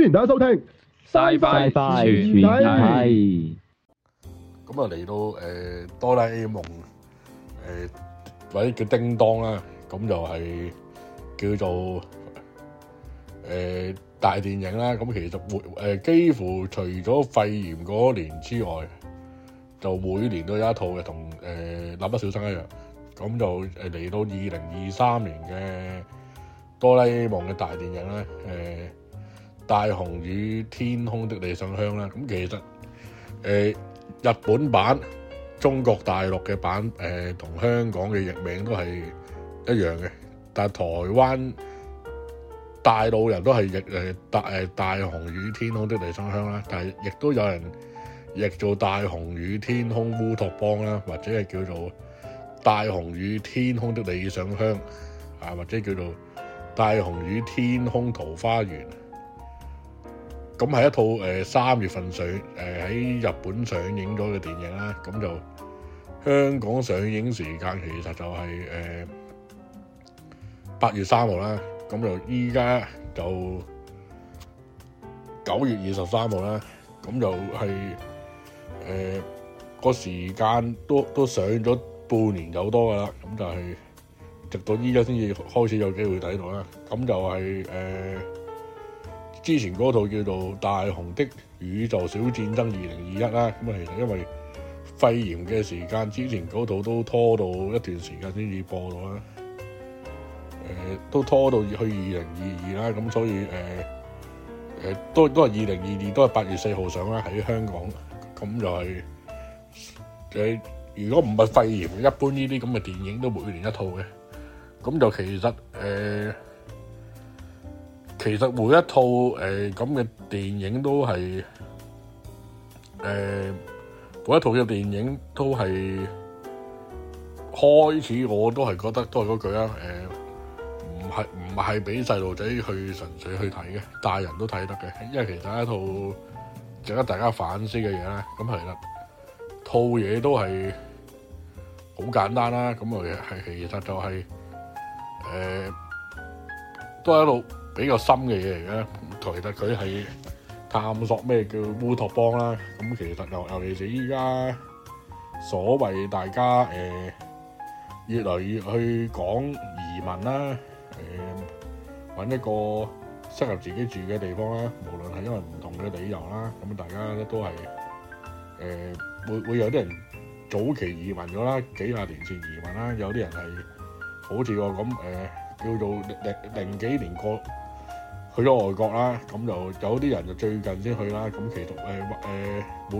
歡迎大家收聽，拜拜拜拜。咁啊嚟到誒，哆啦 A 夢誒，或者叫叮當啦，咁就係叫做誒大電影啦。咁其實每誒幾乎除咗肺炎嗰年之外，就每年都有一套嘅，同誒《蠟筆小新》一樣。咁就誒嚟到二零二三年嘅哆啦 A 夢嘅大電影啦，誒。大雄與天空的理想鄉啦，咁其實誒、呃、日本版、中國大陸嘅版誒同、呃、香港嘅譯名都係一樣嘅，但係台灣大陸人都係譯誒大誒、呃、大雄與天空的理想鄉啦，但係亦都有人譯做大雄與天空烏托邦啦，或者係叫做大雄與天空的理想鄉啊，或者叫做大雄與天空桃花源。咁係一套誒三月份上誒喺日本上映咗嘅電影啦，咁就香港上映時間其實就係誒八月三號啦，咁就依家就九月二十三號啦，咁就係誒個時間都都上咗半年有多㗎喇，咁就係直到依家先至開始有機會睇到啦，咁就係誒。之前嗰套叫做《大雄的宇宙小戰爭2021》二零二一啦，咁啊，其實因為肺炎嘅時間，之前嗰套都拖到一段時間先至播到啦。誒、呃，都拖到去二零二二啦，咁所以誒誒、呃，都都係二零二二都係八月四號上啦喺香港，咁就係、是、誒、呃。如果唔係肺炎，一般呢啲咁嘅電影都每年一套嘅，咁就其實誒。呃其實每一套誒咁嘅電影都係誒、呃、每一套嘅電影都係開始，我都係覺得都係嗰句啦，誒唔係唔係俾細路仔去純粹去睇嘅，大人都睇得嘅，因為其實一套值得大家反思嘅嘢啦。咁係啦，是的套嘢都係好簡單啦，咁啊係其實就係、是、誒、呃、都係一路。比較深嘅嘢嚟嘅，其實佢係探索咩叫烏托邦啦。咁其實又尤其是依家所謂大家誒、呃、越嚟越去講移民啦，誒、呃、搵一個適合自己住嘅地方啦。無論係因為唔同嘅理由啦，咁大家都係誒、呃、會會有啲人早期移民咗啦，幾廿年前移民啦，有啲人係好似我咁誒叫做零零幾年過去咗外國啦，咁就有啲人就最近先去啦，咁其實誒誒，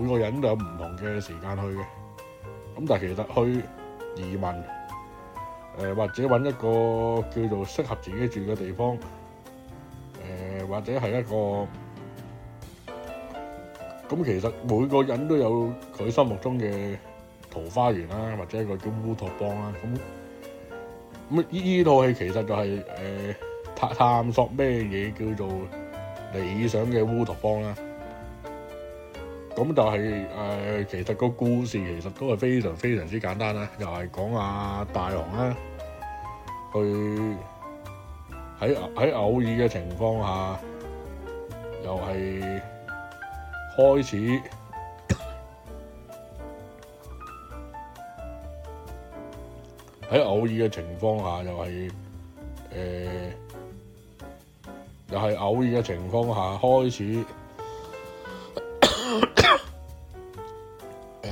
每個人都有唔同嘅時間去嘅。咁但係其實去移民誒，或者搵一個叫做適合自己住嘅地方誒，或者係一個咁其實每個人都有佢心目中嘅桃花源啦，或者一個叫烏托邦啦。咁咁呢套戲其實就係、是、誒。探索咩嘢叫做理想嘅烏托邦啦，咁就係、是、誒、呃，其實個故事其實都係非常非常之簡單啦，又、就、係、是、講阿大雄啦，去喺喺偶爾嘅情況下，又係開始喺偶爾嘅情況下，又係誒。呃又係偶然嘅情況下，開始誒、 呃、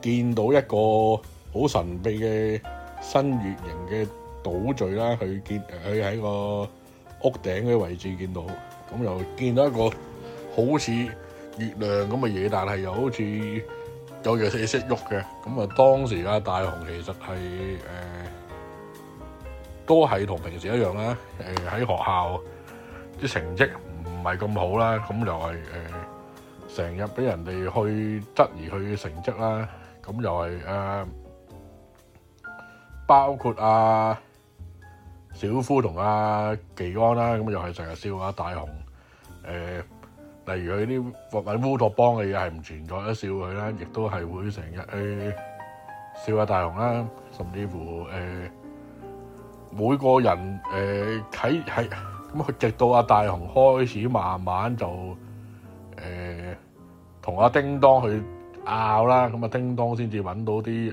見到一個好神秘嘅新月形嘅島嶼啦，去見佢喺個屋頂嘅位置見到，咁又見到一個好似月亮咁嘅嘢，但係又好似有嘢識喐嘅。咁啊，當時啊，大雄其實係誒、呃、都係同平時一樣啦，誒、呃、喺學校。啲成績唔係咁好啦，咁又係誒，成日俾人哋去質疑佢成績啦，咁又係啊，包括啊小夫同啊技安啦，咁又係成日笑下大雄誒，例如佢啲揾烏托邦嘅嘢係唔存在都笑佢啦，亦都係會成日去笑下大雄啦，甚至乎誒每個人誒睇係。咁佢直到阿大雄開始慢慢就誒同阿叮當去拗啦，咁啊叮當先至揾到啲誒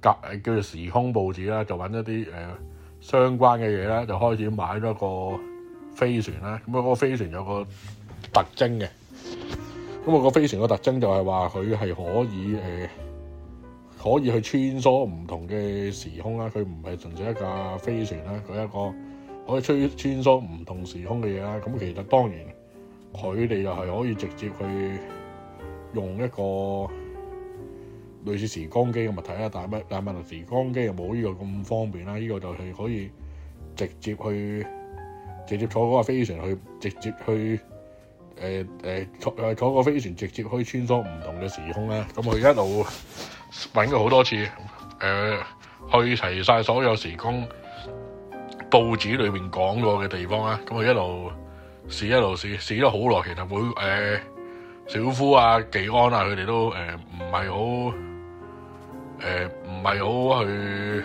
夾誒叫做時空報紙啦，就揾一啲誒、呃、相關嘅嘢啦，就開始買咗個飛船啦。咁啊嗰個飛船有個特徵嘅，咁、那、啊個飛船個特徵就係話佢係可以誒、呃、可以去穿梭唔同嘅時空啦。佢唔係純粹一架飛船啦，佢一個，可以穿穿梭唔同時空嘅嘢啦，咁其實當然佢哋又係可以直接去用一個類似時光機嘅物體啦，但係但係問題時光機又冇呢個咁方便啦，呢、這個就係可以直接去直接坐嗰個飛船去直接去誒誒、呃、坐誒坐個飛船直接去穿梭唔同嘅時空啦，咁佢一路揾佢好多次，誒、呃、去齊晒所有時空。報紙裏邊講過嘅地方啦，咁佢一路試一路試，試咗好耐。其實每誒小夫啊、技安啊，佢哋都誒唔係好誒唔係好去，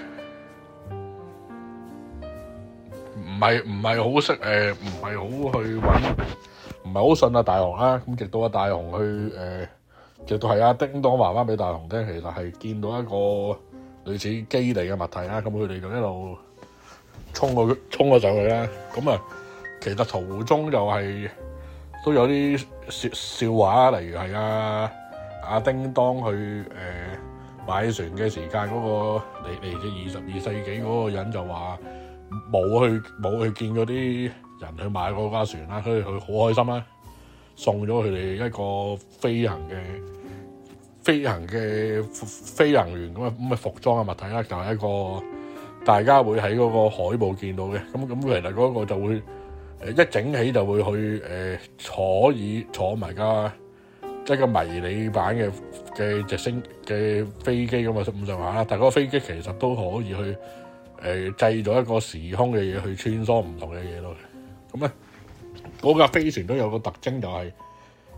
唔係唔係好識誒，唔係好去揾，唔係好信啊大雄啦。咁直到阿大雄去誒，直到係阿叮當還翻俾大雄聽。其實係見到一個類似基地嘅物體啦。咁佢哋就一路。衝咗衝咗上去啦！咁啊，其實途中就係、是、都有啲笑笑話啊，例如係啊，阿叮當去誒買船嘅時間，嗰、那個嚟嚟自二十二世紀嗰個人就話冇去冇去見嗰啲人去買嗰架船啦，所以佢好開心啊，送咗佢哋一個飛行嘅飛行嘅飛,飛行員咁啊，咁嘅服裝嘅物體啦，就係、是、一個。大家會喺嗰個海報見到嘅，咁咁其實嗰個就會誒一整起就會去誒、呃、坐以坐埋架一個迷你版嘅嘅直升嘅飛機咁啊，十五上下，啦。但係嗰個飛機其實都可以去誒、呃、製造一個時空嘅嘢去穿梭唔同嘅嘢咯。咁咧嗰架飛船都有個特徵就係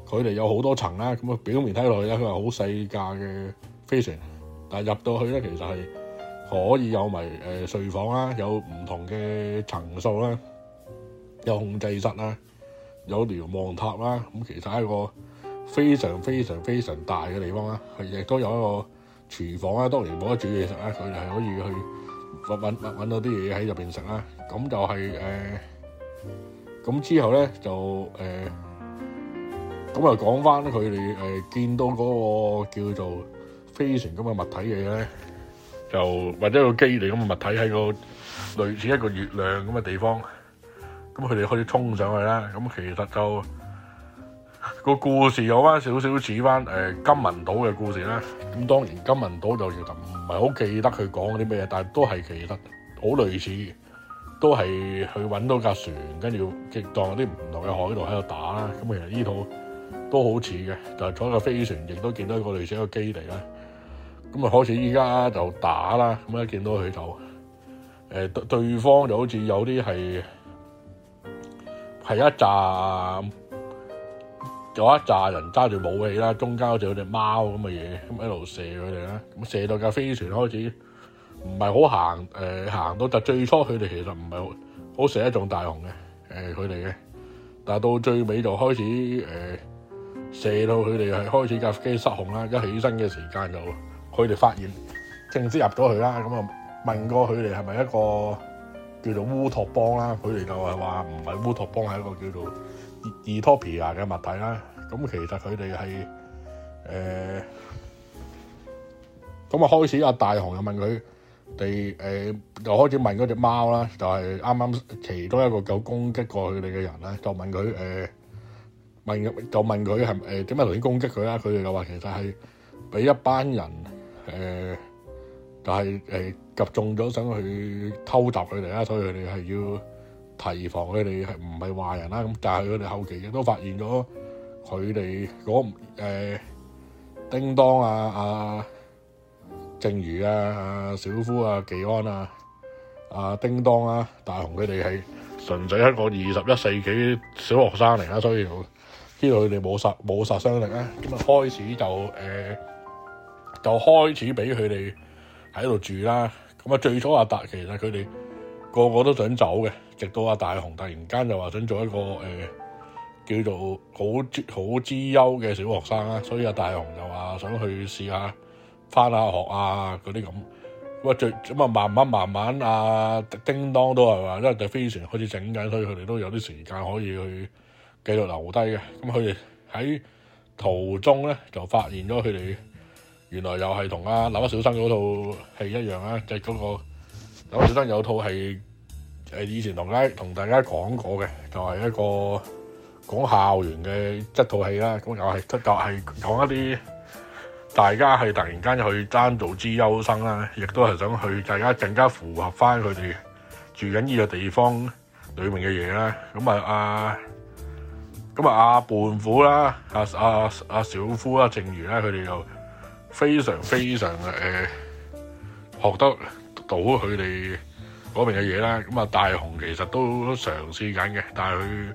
佢哋有好多層啦。咁啊表面睇落去咧，佢係好細架嘅飛船，但係入到去咧，其實係。可以有埋誒睡房啦，有唔同嘅層數啦，有控制室啦，有瞭望塔啦，咁其實係一個非常非常非常大嘅地方啦，佢亦都有一個廚房啦，當然冇得煮嘢食啦。佢哋係可以去揾揾揾到啲嘢喺入面食啦。咁就係、是、咁、呃、之後咧就咁、呃、就講翻佢哋誒見到嗰個叫做飛船咁嘅物體嘅嘢咧。就或者一個基地咁嘅物體喺個類似一個月亮咁嘅地方，咁佢哋開始衝上去啦。咁其實就、個故事有翻少少似翻誒金文島嘅故事啦。咁當然金文島就不得什麼，但都是其實唔係好記得佢講啲咩，但係都係其實好類似，都係去揾到架船，跟住激盪啲唔同嘅海度喺度打啦。咁其實呢套都好似嘅，就係、是、坐架飛船亦都見到一個類似一個基地啦。咁啊！開始依家就打啦。咁一見到佢就、呃、對方就好似有啲係係一扎有一紮人揸住武器啦。中交中間就有隻貓咁嘅嘢，咁一路射佢哋啦。咁射到架飛船開始唔係好行、呃、行到就最初佢哋其實唔係好射一幢大雄嘅佢哋嘅。但到最尾就開始、呃、射到佢哋係開始架飛機失控啦，一起身嘅時間就。佢哋發現，正式入咗去啦。咁啊，問過佢哋係咪一個叫做烏托邦啦？佢哋就係話唔係烏托邦，係一個叫做伊托皮亞嘅物體啦。咁其實佢哋係誒，咁、呃、啊開始阿大雄又問佢哋誒，就開始問嗰隻貓啦，就係啱啱其中一個夠攻擊過佢哋嘅人啦，就問佢誒、呃、問就問佢係誒點解頭先攻擊佢啦？佢哋就話其實係俾一班人。誒，就係誒急中咗，想去偷襲佢哋啦，所以佢哋係要提防佢哋係唔係壞人啦。咁但係佢哋後期亦都發現咗佢哋嗰唔誒叮當啊啊，靜如啊啊小夫啊技安啊啊叮當啊大雄佢哋係純粹一個二十一世紀小學生嚟啦，所以知道佢哋冇殺冇殺傷力啊。咁啊開始就誒。就開始俾佢哋喺度住啦。咁啊，最初阿達其實佢哋個個都想走嘅，直到阿大雄突然間就話想做一個、呃、叫做好好之優嘅小學生啦。所以阿大雄就話想去試下返下學啊，嗰啲咁。最咁啊，慢慢慢慢，啊，叮當都係話，因為飛船開始整緊，所以佢哋都有啲時間可以去繼續留低嘅。咁佢哋喺途中咧就發現咗佢哋。原來又係同阿林小生嗰套戲一樣啦。就嗰、是、個林小生有套戲誒，以前同阿同大家講過嘅，就係、是、一個講校園嘅一套戲啦。咁又係出又係講一啲大家係突然間去爭做資優生啦，亦都係想去大家更加符合返佢哋住緊呢個地方裏面嘅嘢啦。咁啊阿咁啊阿胖虎啦、啊，阿阿阿小夫啦、啊，正如咧佢哋又。非常非常誒、呃、學得到佢哋嗰邊嘅嘢啦，咁啊大雄其實都嘗試緊嘅，但係佢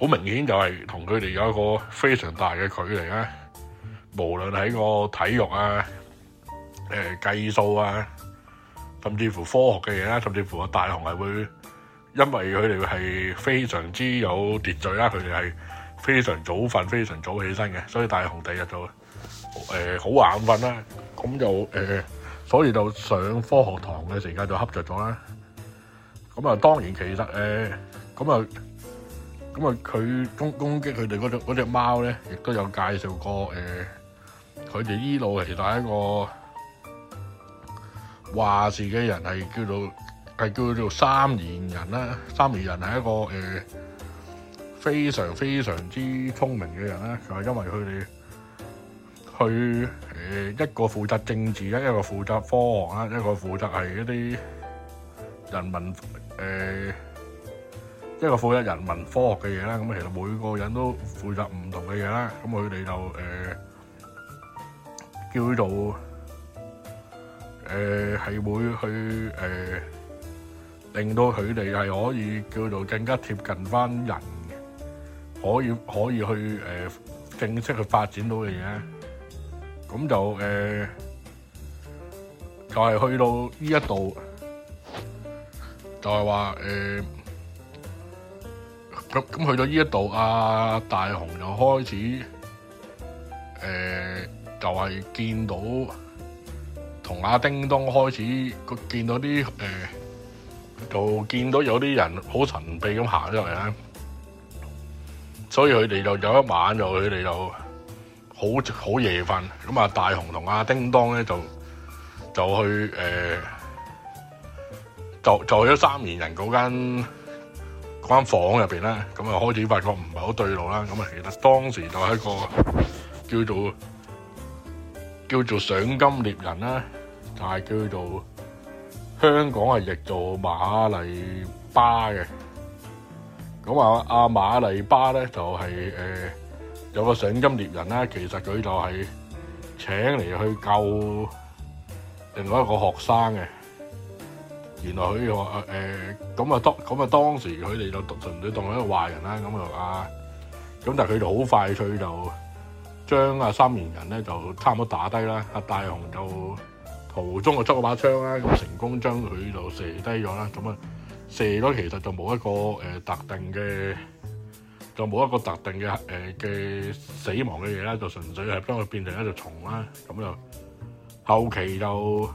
好明顯就係同佢哋有一個非常大嘅距離啦。無論喺個體育啊、誒、呃、計數啊，甚至乎科學嘅嘢啦，甚至乎啊大雄係會因為佢哋係非常之有秩序啦，佢哋係非常早瞓、非常早起身嘅，所以大雄第二日早。誒、呃，好眼瞓啦，咁就誒、呃，所以就上科學堂嘅時間就瞌着咗啦。咁啊，當然其實誒，咁、呃、啊，咁啊，佢攻攻擊佢哋嗰隻嗰隻貓咧，亦都有介紹過誒，佢哋呢度其實係一個話事嘅人，係叫做係叫做三賢人啦、啊。三賢人係一個誒、呃，非常非常之聰明嘅人啦、啊，佢、就、係、是、因為佢哋。佢誒一個負責政治啦，一個負責科學啦，一個負責係一啲人民誒，一個負責人民科學嘅嘢啦。咁其實每個人都負責唔同嘅嘢啦。咁佢哋就誒、呃、叫做誒係、呃、會去誒、呃、令到佢哋係可以叫做更加貼近返人，可以可以去誒、呃、正式去發展到嘅嘢。咁就誒、呃，就係、是、去到呢一度，就係話誒，咁、呃、咁去到呢一度，阿、啊、大雄又開始誒、呃，就係、是、見到同阿叮當開始見到啲誒、呃，就見到有啲人好神秘咁行出嚟咧，所以佢哋就有一晚就佢哋就。好好夜瞓，咁啊大雄同阿叮當咧就就去誒、呃、就就咗三年人嗰間房入邊啦，咁啊開始發覺唔係好對路啦，咁啊其實當時就係一個叫做叫做賞金獵人啦，但、就、係、是、叫做香港係譯做馬麗巴嘅，咁啊阿馬麗巴咧就係、是、誒。呃有個賞金獵人咧，其實佢就係請嚟去救另外一個學生嘅。原來佢話誒，咁啊當咁啊當時佢哋就純粹當咗一個壞人啦。咁啊啊，咁但係佢就好快脆就將三年人咧就差唔多打低啦。阿大雄就途中就執咗把槍啦，咁成功將佢就射低咗啦。咁啊射咗其實就冇一個誒、呃、特定嘅。就冇一個特定嘅誒嘅死亡嘅嘢啦，就純粹係將佢變成一條蟲啦。咁就後期就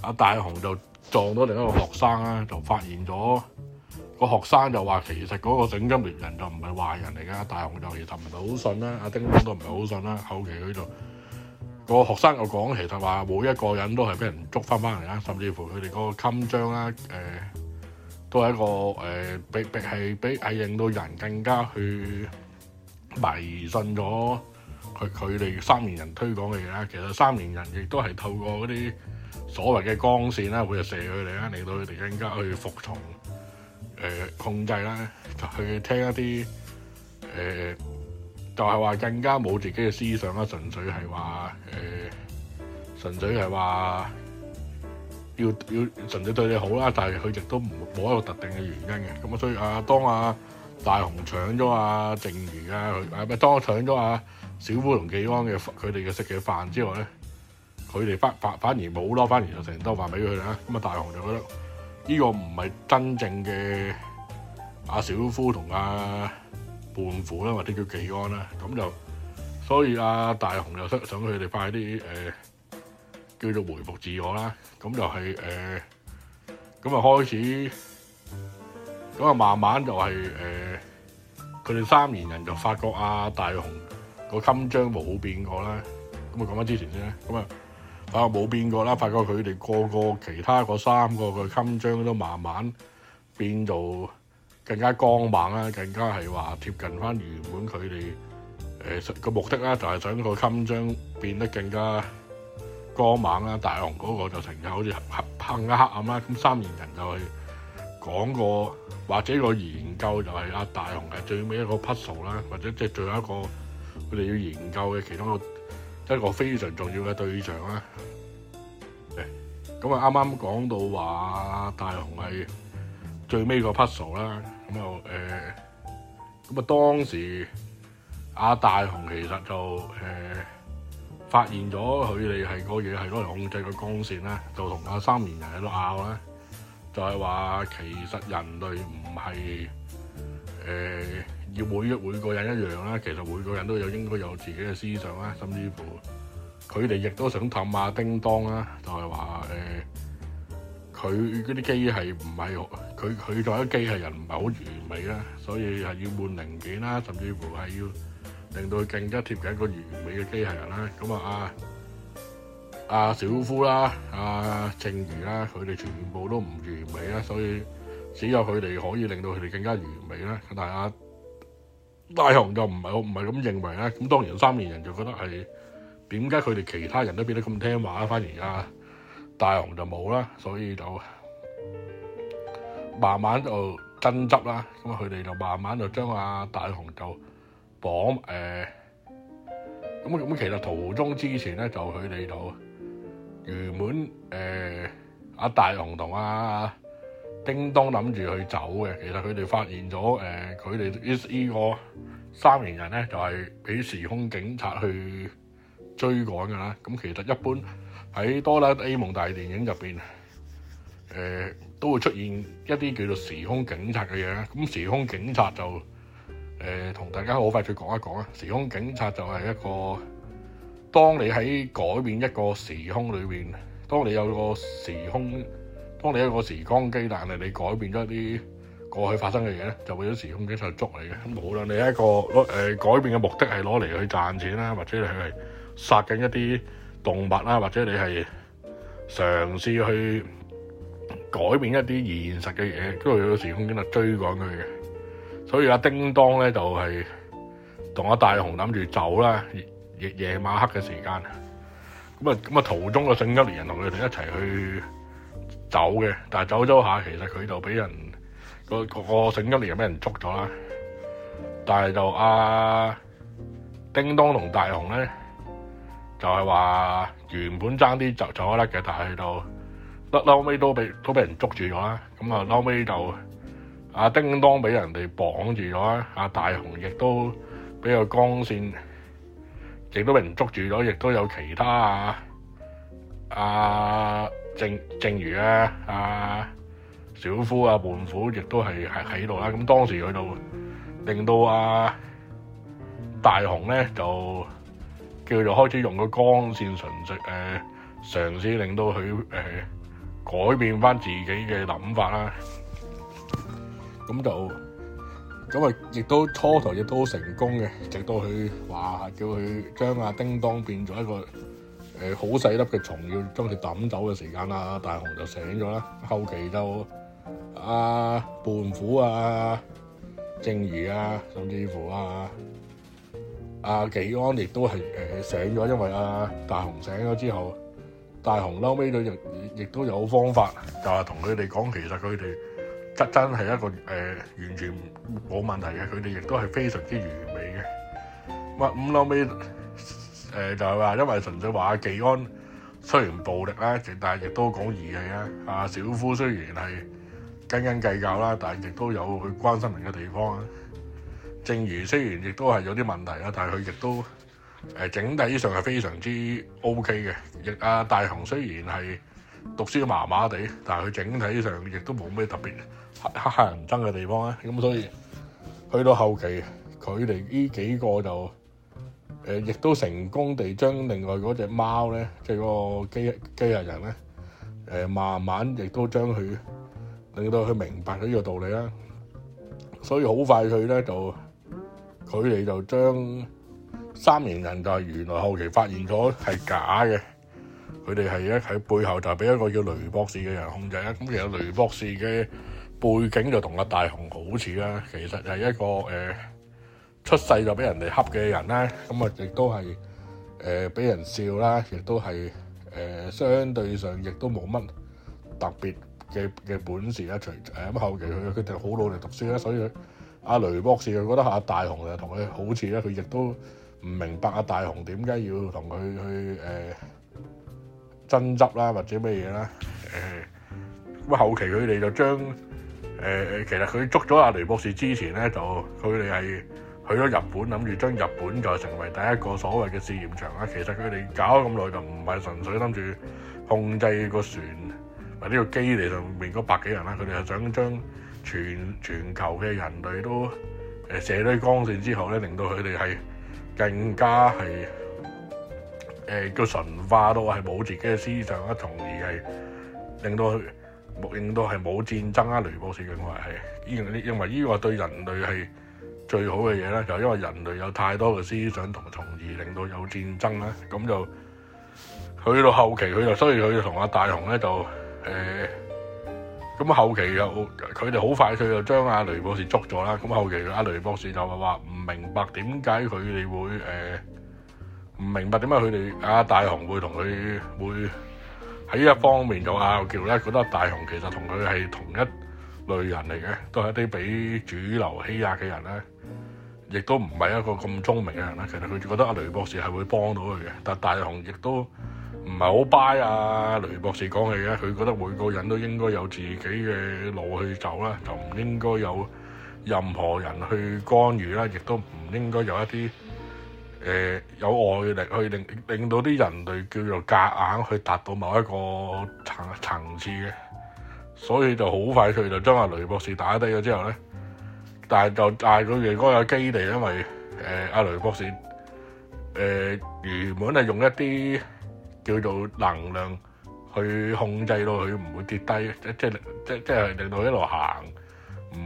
阿大雄就撞到另一個學生啦，就發現咗個學生就話其實嗰個賞金獵人就唔係壞人嚟噶。大雄就其實唔係好信啦，阿叮噹都唔係好信啦。後期佢就個學生又講，其實話每一個人都係俾人捉翻翻嚟啦，甚至乎佢哋嗰個襟章啦，誒、呃。都係一個誒，比比係比係令到人更加去迷信咗佢佢哋三賢人推廣嘅嘢啦。其實三賢人亦都係透過嗰啲所謂嘅光線啦，會射佢哋啦，令到佢哋更加去服從誒控制啦，就去聽一啲誒、呃，就係、是、話更加冇自己嘅思想啦，純粹係話誒，純粹係話。要要純粹對你好啦，但係佢亦都冇一個特定嘅原因嘅。咁啊，所以啊，當啊大雄搶咗啊靜兒啊，啊乜當搶咗啊小夫同忌安嘅佢哋嘅食嘅飯之後咧，佢哋反反而冇咯，反而就成多飯俾佢啦。咁啊，大雄就覺得呢個唔係真正嘅啊小夫同啊胖虎啦、啊，或者叫忌安啦、啊。咁就所以啊大就，大雄又想佢哋快啲誒。叫做回復自我啦，咁就係、是、誒，咁、呃、啊開始，咁啊慢慢就係、是、誒，佢、呃、哋三賢人就發覺啊大雄個襟章冇變過啦，咁啊講翻之前先咁啊啊冇變過啦，發覺佢哋個個其他個三個嘅襟章都慢慢變到更加光猛啦，更加係話貼近翻原本佢哋誒個目的啦，就係想個襟章變得更加。光猛啦！大雄嗰個就成日好似合黑鴨咁啦，咁三賢人就係講過或者個研究就係阿大雄係最尾一個 puzzle 啦，或者即係最後一個佢哋要研究嘅其中一個非常重要嘅對象啦。咁啊啱啱講到話大雄係最尾個 puzzle 啦，咁就，誒咁啊當時阿大雄其實就誒。欸發現咗佢哋係個嘢係攞嚟控制個光線啦，就同阿三面人喺度拗啦。就係話其實人類唔係誒要每每個人一樣啦，其實每個人都有應該有自己嘅思想啦，甚至乎佢哋亦都想氹下叮當啦，就係話誒佢嗰啲機器唔係佢佢作為機器人唔係好完美啦，所以係要換零件啦，甚至乎係要。令到佢更加貼近一個完美嘅機械人啦，咁啊啊啊小夫啦、啊、阿靜怡啦，佢哋全部都唔完美啦，所以只有佢哋可以令到佢哋更加完美啦。但係啊大雄就唔係唔係咁認為啦。咁當然三賢人就覺得係點解佢哋其他人都變得咁聽話啊，反而啊大雄就冇啦，所以就慢慢就爭執啦，咁啊佢哋就慢慢就將啊大雄就。講誒咁咁，其實途中之前咧就佢哋到原本誒阿大雄同阿叮當諗住去走嘅。其實佢哋發現咗誒佢哋呢呢個三連人咧就係、是、俾時空警察去追趕㗎啦。咁、嗯、其實一般喺多啦 A 夢大電影入邊誒都會出現一啲叫做時空警察嘅嘢。咁、嗯、時空警察就誒，同大家好快再講一講啊。時空警察就係一個，當你喺改變一個時空裏邊，當你有個時空，當你有一個時光機，但係你改變咗一啲過去發生嘅嘢咧，就會有時空警察捉你嘅。無論你係一個攞誒改變嘅目的係攞嚟去賺錢啦，或者你係殺緊一啲動物啦，或者你係嘗試去改變一啲現實嘅嘢，都會有時空警察追趕佢嘅。所以阿叮當咧就係同阿大雄諗住走啦，夜夜晚黑嘅時間。咁啊咁啊，途中個聖吉連人同佢哋一齊去走嘅，但係走咗下，其實佢就俾人個、嗰個聖吉連人俾人捉咗啦。但係就阿、啊、叮當同大雄咧，就係、是、話原本爭啲走走咗甩嘅，但係就甩後尾都俾都俾人捉住咗啦。咁啊後尾就。阿叮當俾人哋綁住咗，阿大雄亦都俾個光線，亦都俾人捉住咗，亦都有其他啊，阿、啊、正正如咧、啊，阿、啊、小夫、啊、胖虎亦都係喺喺度啦。咁、啊、當時佢度令到啊，大雄咧就叫做開始用個光線純粹誒，嘗試令到佢誒、呃、改變翻自己嘅諗法啦。咁就咁啊！亦都初頭亦都成功嘅，直到佢話叫佢將阿叮當變咗一個好細粒嘅蟲，要將佢抌走嘅時間啦。大雄就醒咗啦，後期就阿胖虎啊、靜怡啊，甚至乎啊阿技、啊、安，亦都係醒咗。因為阿、啊、大雄醒咗之後，大雄嬲尾佢亦亦都有方法，就係同佢哋講，其實佢哋。真真係一個誒、呃，完全冇問題嘅，佢哋亦都係非常之完美嘅。哇，咁後尾誒就係話，因為純粹話技安雖然暴力啦，但係亦都講義氣咧。啊，小夫雖然係斤斤計較啦，但係亦都有去關心人嘅地方啊。正如雖然亦都係有啲問題啦，但係佢亦都誒整體上係非常之 OK 嘅。亦啊，大雄雖然係，讀書麻麻地，但係佢整體上亦都冇咩特別黑黑人憎嘅地方咧，咁所以去到後期，佢哋呢幾個就誒亦都成功地將另外嗰隻貓咧，即係個機機械人咧，誒慢慢亦都將佢令到佢明白咗呢個道理啦，所以好快佢咧就佢哋就將三年人就係原來後期發現咗係假嘅。佢哋係一喺背後就係俾一個叫雷博士嘅人控制啦。咁其實雷博士嘅背景就同阿大雄好似啦。其實係一個誒、呃、出世就俾人哋恰嘅人啦。咁啊，亦都係誒俾人笑啦。亦都係誒、呃、相對上亦都冇乜特別嘅嘅本事啦。除誒咁、呃、後期佢佢哋好努力讀書啦，所以阿雷博士佢覺得阿大雄就同佢好似啦。佢亦都唔明白阿大雄點解要同佢去誒。呃爭執啦，或者咩嘢啦，誒、呃，咁啊後期佢哋就將誒、呃，其實佢捉咗阿雷博士之前咧，就佢哋係去咗日本，諗住將日本再成為第一個所謂嘅試驗場啦。其實佢哋搞咁耐就唔係純粹諗住控制船、個船或者個機嚟上面嗰百幾人啦，佢哋係想將全全球嘅人類都誒射啲光線之後咧，令到佢哋係更加係。誒叫神化到係冇自己嘅思想啊，從而係令到佢令到係冇戰爭啊！雷博士認為係依樣，你認為呢個對人類係最好嘅嘢咧，就係、因為人類有太多嘅思想同埋從而令到有戰爭啦。咁就去到後期，佢就所以佢同阿大雄咧就誒咁啊，呃、後期又佢哋好快佢就將阿雷博士捉咗啦。咁後期阿雷博士就話唔明白點解佢哋會誒。呃唔明白點解佢哋阿大雄會同佢會喺依一方面就拗撬咧，覺得大雄其實同佢係同一類人嚟嘅，都係一啲俾主流欺壓嘅人咧，亦都唔係一個咁聰明嘅人啦。其實佢覺得阿雷博士係會幫到佢嘅，但大雄亦都唔係好 buy 阿雷博士講嘅嘢，佢覺得每個人都應該有自己嘅路去走啦，就唔應該有任何人去干預啦，亦都唔應該有一啲。誒、呃，有外力去令令到啲人類叫做夾硬去達到某一個層層次嘅，所以就好快佢就將阿雷博士打低咗之後咧，但係就但係佢原來嗰個基地，因為誒阿、呃、雷博士誒、呃、原本係用一啲叫做能量去控制到佢唔會跌低，即即即即係令到佢一路行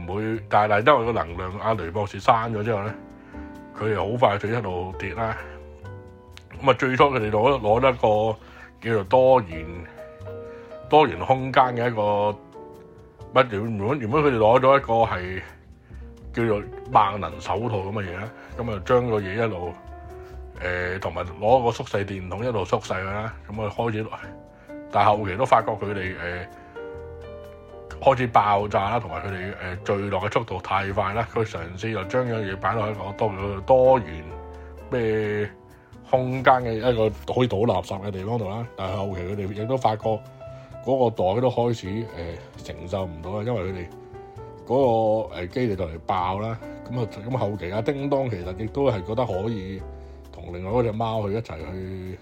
唔會，但係因為個能量阿雷博士刪咗之後咧。佢哋好快佢一路跌啦，咁啊最初佢哋攞攞得一個叫做多元多元空間嘅一個乜嘢？原本原本佢哋攞咗一個係叫做萬能手套咁嘅嘢，咁啊將個嘢一路誒同埋攞個縮細電筒一路縮細啦，咁啊開始，落但後期都發覺佢哋誒。呃開始爆炸啦，同埋佢哋誒墜落嘅速度太快啦，佢嘗試就將樣嘢擺落去一個多多元咩空間嘅一個可以倒垃圾嘅地方度啦。但係後期佢哋亦都發覺嗰個袋都開始誒、呃、承受唔到啦，因為佢哋嗰個、呃、基地就嚟爆啦。咁啊咁後期啊，叮噹其實亦都係覺得可以同另外嗰隻貓去一齊去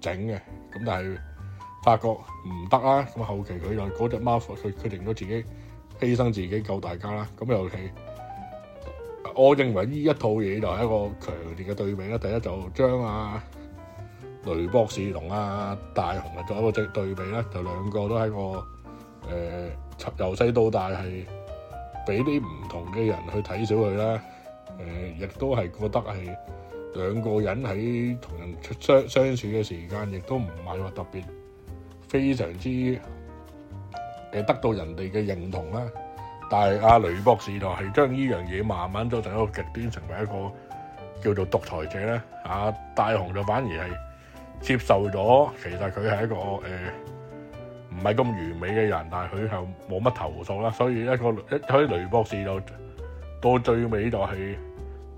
整嘅，咁但係。發覺唔得啦，咁後期佢就嗰隻 Marvel 佢決定咗自己犧牲自己救大家啦。咁尤其，我認為呢一套嘢就係一個強烈嘅對比啦。第一就將啊、雷博士同啊大雄啊作一個對對比啦，就兩個都係一個誒由細到大係俾啲唔同嘅人去睇小佢啦。誒、呃，亦都係覺得係兩個人喺同人相相處嘅時間，亦都唔係話特別。非常之誒得到人哋嘅認同啦，但係阿雷博士就係將呢樣嘢慢慢做成一個極端，成為一個叫做獨裁者咧。阿、啊、大雄就反而係接受咗，其實佢係一個誒唔係咁完美嘅人，但係佢又冇乜投訴啦。所以一個一睇雷博士就到，到最尾就係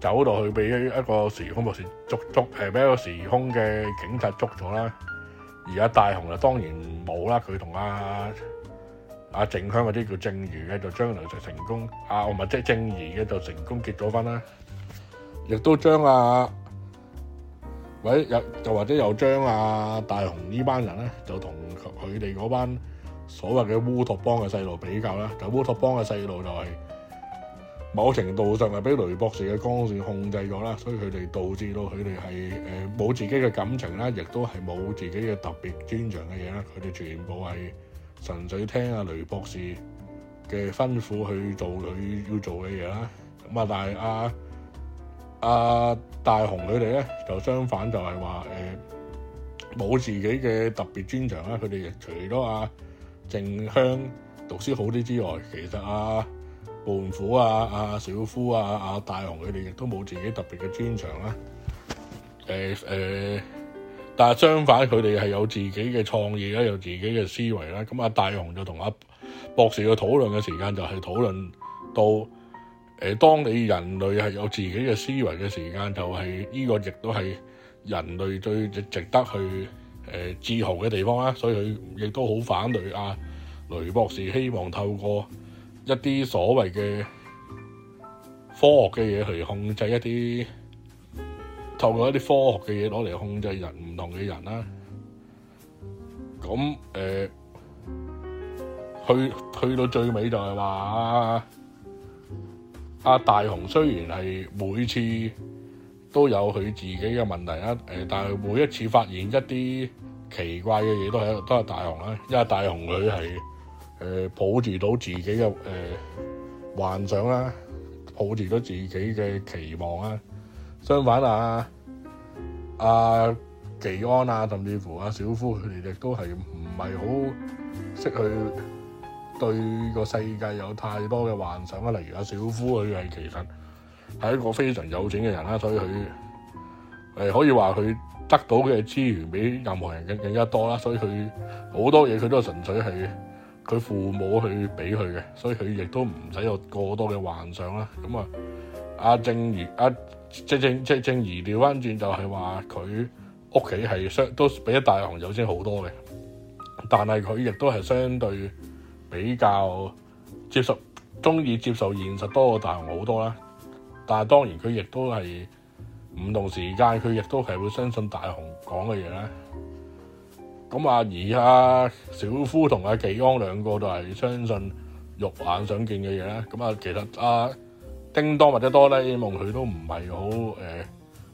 走落去俾一個時空博士捉捉，誒俾一個時空嘅警察捉咗啦。而家大雄就當然冇啦，佢同阿阿靜香嗰啲叫靜香嘅就將來就成功，啊，我咪即係靜香嘅就成功結咗婚啦，亦都將阿、啊，喂，又就或者又將阿、啊、大雄呢班人咧，就同佢哋嗰班所謂嘅烏托邦嘅細路比較啦，就烏托邦嘅細路就係、是，某程度上係俾雷博士嘅光線控制咗啦，所以佢哋導致到佢哋係誒冇自己嘅感情啦，亦都係冇自己嘅特別專長嘅嘢啦。佢哋全部係純粹聽阿、啊、雷博士嘅吩咐去做佢要做嘅嘢啦。咁啊，但係阿阿大雄佢哋咧就相反就是說，就係話誒冇自己嘅特別專長啦。佢哋除咗阿靜香讀書好啲之外，其實啊。胖虎啊、阿、啊、小夫啊、阿、啊、大雄佢哋亦都冇自己特別嘅專長啦，誒、啊、誒、啊，但係相反佢哋係有自己嘅創意啦，有自己嘅思維啦。咁、啊、阿、啊、大雄就同阿、啊、博士嘅討論嘅時間就係討論到，誒、啊，當你人類係有自己嘅思維嘅時間，就係、是、呢個亦都係人類最值得去誒自豪嘅地方啦。所以佢亦都好反對阿、啊、雷博士希望透過，一啲所謂嘅科學嘅嘢去控制一啲，透過一啲科學嘅嘢攞嚟控制人唔同嘅人啦。咁誒、呃，去去到最尾就係話阿阿大雄雖然係每次都有佢自己嘅問題啦，誒、呃，但係每一次發現一啲奇怪嘅嘢都係都係大雄啦，因為大雄佢係。誒抱住到自己嘅誒、呃、幻想啦，抱住到自己嘅期望啦。相反啊，阿、啊、技安啊，甚至乎阿小夫佢哋亦都係唔係好識去對個世界有太多嘅幻想啦。例如阿小夫佢係其實係一個非常有錢嘅人啦，所以佢、呃、可以話佢得到嘅資源比任何人更更加多啦。所以佢好多嘢佢都係純粹係。佢父母去俾佢嘅，所以佢亦都唔使有過多嘅幻想啦。咁啊，阿正如阿正正正正如調翻轉就係話，佢屋企係相都俾大雄有錢好多嘅，但係佢亦都係相對比較接受、中意接受現實多過大雄好多啦。但係當然佢亦都係唔同時間，佢亦都係會相信大雄講嘅嘢啦。咁啊，而阿小夫同阿技安兩個就係相信肉眼想見嘅嘢啦。咁啊，其實阿叮噹或者哆啦 A 夢佢都唔係好誒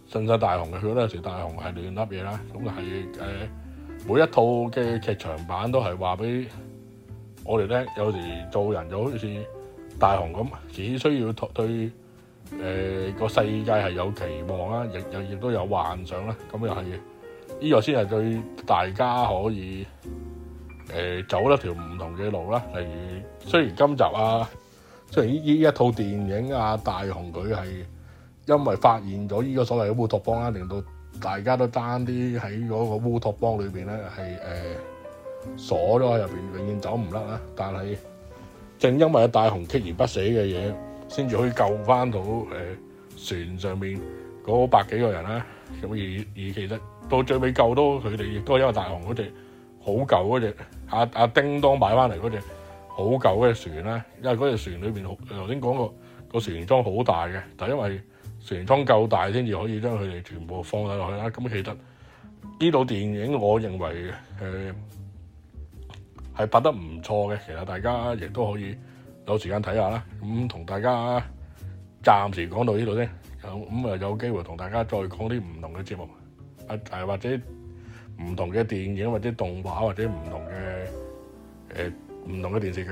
信晒大雄嘅，佢有時大雄係亂噏嘢啦。咁係誒，每一套嘅劇場版都係話俾我哋咧，有時做人就好似大雄咁，只需要對誒個世界係有期望啦，亦亦亦都有幻想啦，咁又係。呢、這個先係對大家可以誒、呃、走一條唔同嘅路啦。例如，雖然今集啊，雖然呢呢一套電影啊，大雄佢係因為發現咗呢個所謂嘅烏托邦啦，令到大家都爭啲喺嗰個烏托邦裏邊咧係誒鎖咗喺入邊，永遠走唔甩啦。但係正因為大雄極而不死嘅嘢，先至可以救翻到誒、呃、船上面嗰百幾個人啦。咁而而其實～到最尾救到佢哋，亦都係因為大雄嗰隻好舊嗰隻阿阿叮當買翻嚟嗰隻好舊嘅船咧，因為嗰隻船裏邊頭先講過個船艙好大嘅，但因為船艙夠大先至可以將佢哋全部放曬落去啦。咁、啊啊、其實呢度電影，我認為誒係拍得唔錯嘅，其實大家亦都可以有時間睇下啦。咁同大家暫時講到呢度先，咁咁啊有機會同大家再講啲唔同嘅節目。啊，或者唔同嘅電影，或者動畫，或者唔同嘅誒唔同嘅電視劇。